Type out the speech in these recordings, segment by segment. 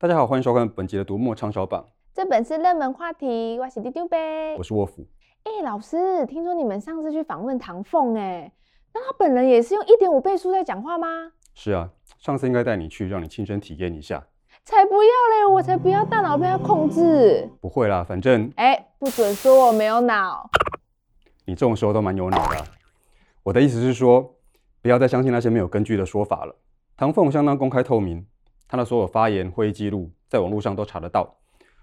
大家好，歡迎收看本集的讀墨暢銷榜。這本是熱門話題，我是 Dudu 唄，我是沃夫。哎、欸，老師，聽說你們上次去訪問唐鳳、欸，哎，那他本人也是用一點五倍速在講話嗎？是啊，上次應該帶你去，讓你親身體驗一下。才不要嘞，我才不要大腦被他控制、嗯。不會啦，反正哎、欸，不准說我沒有腦。你這種時候都蠻有腦的、啊。我的意思是說，不要再相信那些沒有根據的說法了。唐鳳相當公開透明。他的所有發言、會議記錄，在網絡上都查得到。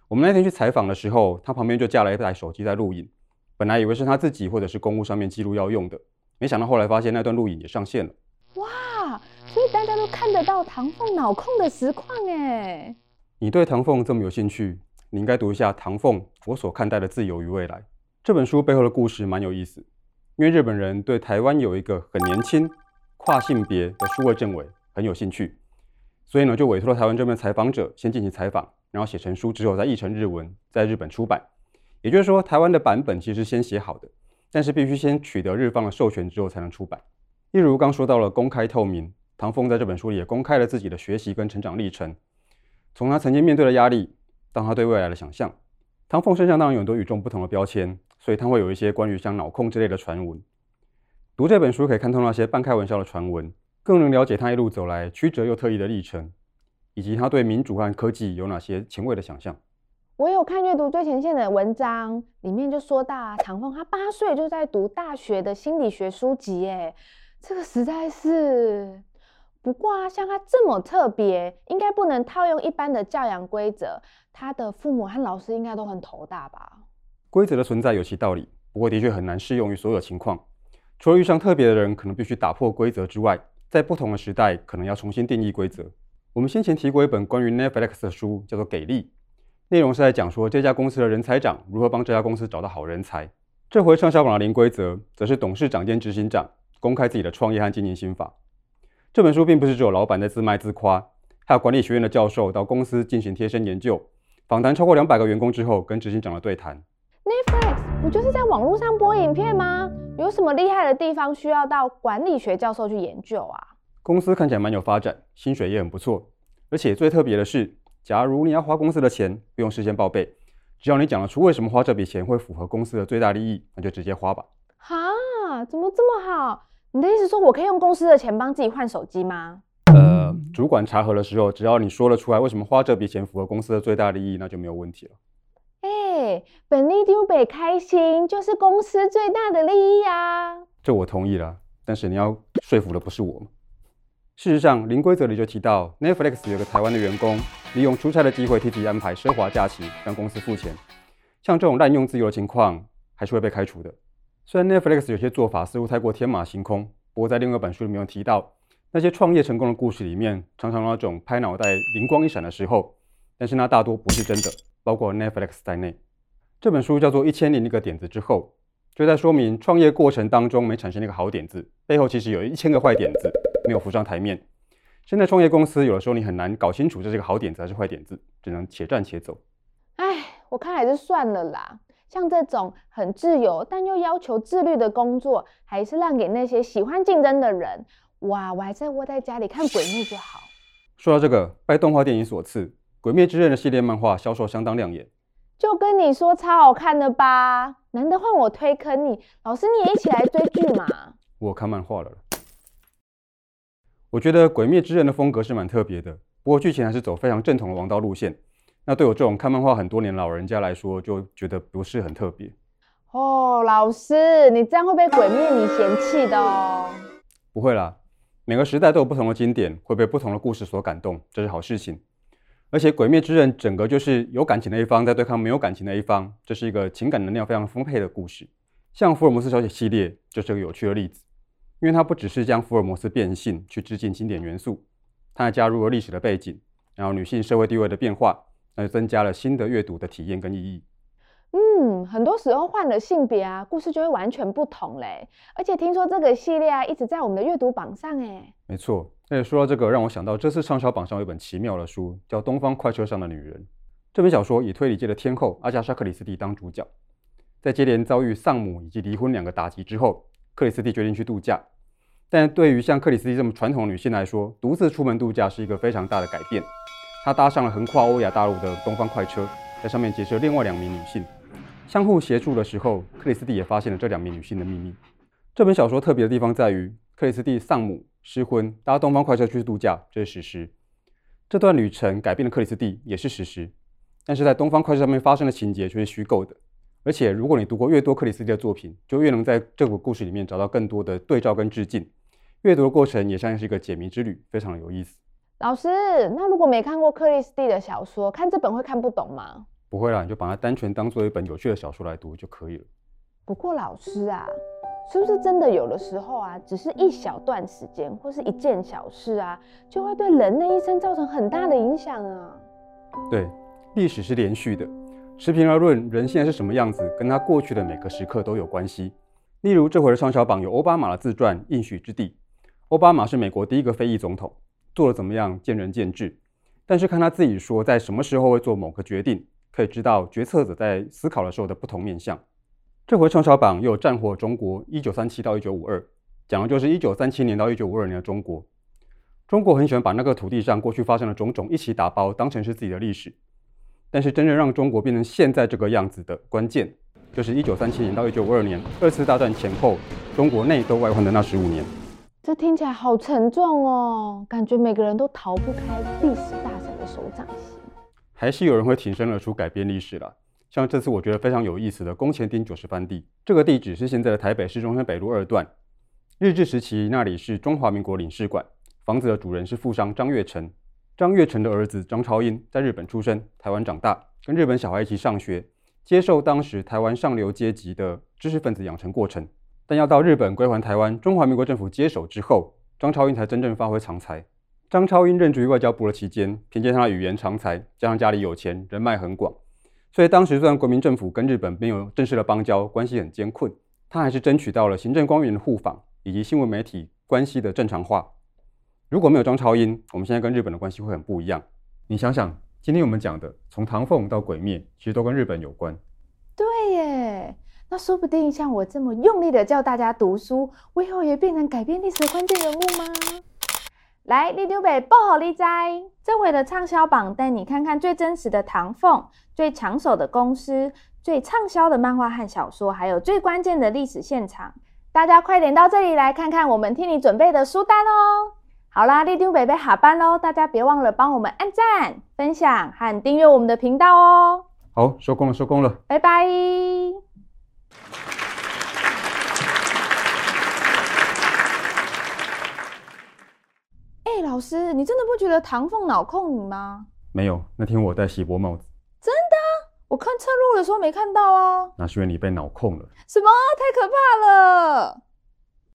我們那天去採訪的時候，他旁邊就架了一台手機在錄影。本來以為是他自己或者是公務上面記錄要用的，沒想到後來發現那段錄影也上線了。哇！所以大家都看得到唐鳳腦控的實況耶。你對唐鳳這麼有興趣，你應該讀一下《唐鳳：我所看待的自由與未來》。這本書背後的故事蠻有意思。因為日本人對台灣有一個很年輕、跨性別的數位政委很有興趣。所以呢，就委託了台灣這邊的採訪者先進行採訪，然後寫成書，之後再譯成日文，在日本出版。也就是說，台灣的版本其實先寫好的，但是必須先取得日方的授權之後才能出版。例如剛說到了公開透明，唐鳳在這本書裡也公開了自己的學習跟成長歷程，從他曾經面對的壓力，到他對未來的想象。唐鳳身上當然有很多與眾不同的標籤，所以他會有一些關於像腦控之類的傳聞。讀這本書可以看透那些半開玩笑的傳聞。更能了解他一路走來曲折又特異的歷程，以及他對民主和科技有哪些前衛的想象。我有看閱讀最前線的文章，裡面就說到、啊、唐鳳他八歲就在讀大學的心理學書籍、欸，哎，這個實在是。不過、啊，像他這麼特別，應該不能套用一般的教養規則。他的父母和老師應該都很頭大吧？規則的存在有其道理，不過的確很難適用於所有情況。除了遇上特別的人，可能必須打破規則之外。在不同的時代，可能要重新定義規則。我們先前提過一本關於 Netflix 的書，叫做《給力》，內容是在講說這家公司的人才長如何幫這家公司找到好人才。這回暢銷榜的《零規則》，則是董事長兼執行長公開自己的創業和經營心法。這本書並不是只有老板在自賣自誇，還有管理學院的教授到公司進行貼身研究，訪談超過兩百個員工之後，跟執行長的對談。Netflix，不就是在網絡上播影片嗎？有什麼厲害的地方需要到管理學教授去研究啊？公司看起來蠻有發展，薪水也很不錯，而且最特別的是，假如你要花公司的錢，不用事先報備，只要你講得出為什麼花這筆錢會符合公司的最大利益，那就直接花吧。哈、啊？怎麼這麼好？你的意思說我可以用公司的錢幫自己換手機嗎？呃，主管查核的時候，只要你說得出來，為什麼花這筆錢符合公司的最大利益，那就沒有問題了。哎、欸，本尼丟貝開心就是公司最大的利益啊！這我同意了，但是你要說服的不是我事實上，《零規則》裡就提到，Netflix 有個台灣的員工，利用出差的機會，替自己安排奢華假期，讓公司付錢。像這種濫用自由的情況，還是會被開除的。雖然 Netflix 有些做法似乎太過天馬行空，不過在另外一本書裡面有提到，那些創業成功的故事裡面，常常那種拍腦袋靈光一閃的時候，但是那大多不是真的，包括 Netflix 在內。這本書叫做《一千零一個點子之後》，就在說明創業過程當中，沒產生那個好點子，背後其實有一千個壞點子。沒有浮上檯面。現在創業公司有的時候，你很難搞清楚這是個好點子還是壞點子，只能且戰且走。唉，我看還是算了啦。像這種很自由但又要求自律的工作，還是讓給那些喜歡競爭的人。哇，我還在窩在家裡看鬼滅就好。說到這個，拜動畫電影所賜，《鬼滅之刃》的系列漫畫銷售相當亮眼。就跟你說超好看的吧，難得換我推坑你，老師你也一起來追劇嘛。我看漫畫了。我覺得《鬼滅之刃》的風格是蠻特別的，不過劇情還是走非常正統的王道路線。那對我這種看漫畫很多年老人家來說，就覺得不是很特別。哦，老師，你這樣會被《鬼滅》你嫌棄的哦。不會啦，每個時代都有不同的經典，會被不同的故事所感動，這是好事情。而且《鬼滅之刃》整個就是有感情的一方在對抗沒有感情的一方，這是一個情感能量非常豐沛的故事。像福爾摩斯小姐系列就是個有趣的例子。因為它不只是將福爾摩斯變性去致敬經典元素，它還加入了歷史的背景，然後女性社會地位的變化，那就增加了新的閱讀的體驗跟意義。嗯，很多時候換了性別啊，故事就會完全不同嘞。而且聽說這個系列啊一直在我們的閱讀榜上欸。沒錯，那說到這個，讓我想到這次暢銷榜上有一本奇妙的書，叫《東方快車上的女人》。這本小說以推理界的天后阿加莎·克里斯蒂當主角，在接連遭遇喪母以及離婚兩個打擊之後。克里斯蒂決定去度假，但對於像克里斯蒂這麼傳統的女性來說，獨自出門度假是一個非常大的改變。她搭上了橫跨歐亞大陸的東方快車，在上面結識了另外兩名女性，相互協助的時候，克里斯蒂也發現了這兩名女性的秘密。這本小說特別的地方在於，克里斯蒂喪母、失婚，搭東方快車去度假，這是事實。這段旅程改變了克里斯蒂，也是事實。但是在東方快車上面發生的情節卻是虛構的。而且，如果你讀過越多克里斯蒂的作品，就越能在這個故事裡面找到更多的對照跟致敬。閱讀的過程也像是一個解謎之旅，非常的有意思。老師，那如果沒看過克里斯蒂的小說，看這本會看不懂嗎？不會啦，你就把它單純當做一本有趣的小說來讀就可以了。不過，老師啊，是不是真的有的時候啊，只是一小段時間或是一件小事啊，就會對人的一生造成很大的影響啊？對，歷史是連續的。持平而論，人現在是什麼樣子，跟他過去的每個時刻都有關係。例如，這回的暢銷榜有奧巴馬的自傳《應許之地》。奧巴馬是美國第一個非裔總統，做得怎麼樣，見仁見智。但是看他自己說在什麼時候會做某個決定，可以知道決策者在思考的時候的不同面向。這回暢銷榜又《戰火中國：一九三七到一九五二》，講的就是一九三七年到一九五二年的中國。中國很喜歡把那個土地上過去發生的種種一起打包，當成是自己的歷史。但是真正讓中國變成現在這個樣子的關鍵，就是一九三七年到一九五二年二次大戰前後，中國內鬥外患的那十五年。這聽起來好沉重哦，感覺每個人都逃不開歷史大神的手掌心。還是有人會挺身而出改變歷史啦。像這次我覺得非常有意思的宮前町九十番地，這個地址是現在的台北市中山北路二段。日治時期那裡是中華民國領事館，房子的主人是富商張月成。張月成的兒子張超英在日本出生，台灣長大，跟日本小孩一起上學，接受當時台灣上流階級的知識分子養成過程。但要到日本歸還台灣，中華民國政府接手之後，張超英才真正發揮長才。張超英任職於外交部的期間，憑借他的語言長才，加上家裡有錢，人脈很廣，所以當時雖然國民政府跟日本沒有正式的邦交，關係很艱困，他還是爭取到了行政官員的互訪以及新聞媒體關係的正常化。如果沒有張超英，我們現在跟日本的關係會很不一樣。你想想，今天我們講的從唐鳳到鬼滅，其實都跟日本有關。對耶，那說不定像我這麼用力的教大家讀書，我以後也變成改變歷史的關鍵人物嗎？來，立牛北不好利哉，這回的暢銷榜帶你看看最真實的唐鳳、最搶手的公司、最暢銷的漫畫和小說，還有最關鍵的歷史現場。大家快點到這裡來看看我們替你準備的書單哦、喔！好啦，立丁北北，下班嘍，大家別忘了幫我們按讚、分享和訂閱我們的頻道哦。好，收工了，收工了，拜拜。哎、欸，老師，你真的不覺得唐鳳腦控你嗎？沒有，那天我戴錫箔帽子，真的？我看側錄的時候沒看到啊。那是因為你被腦控了。什麼？太可怕了！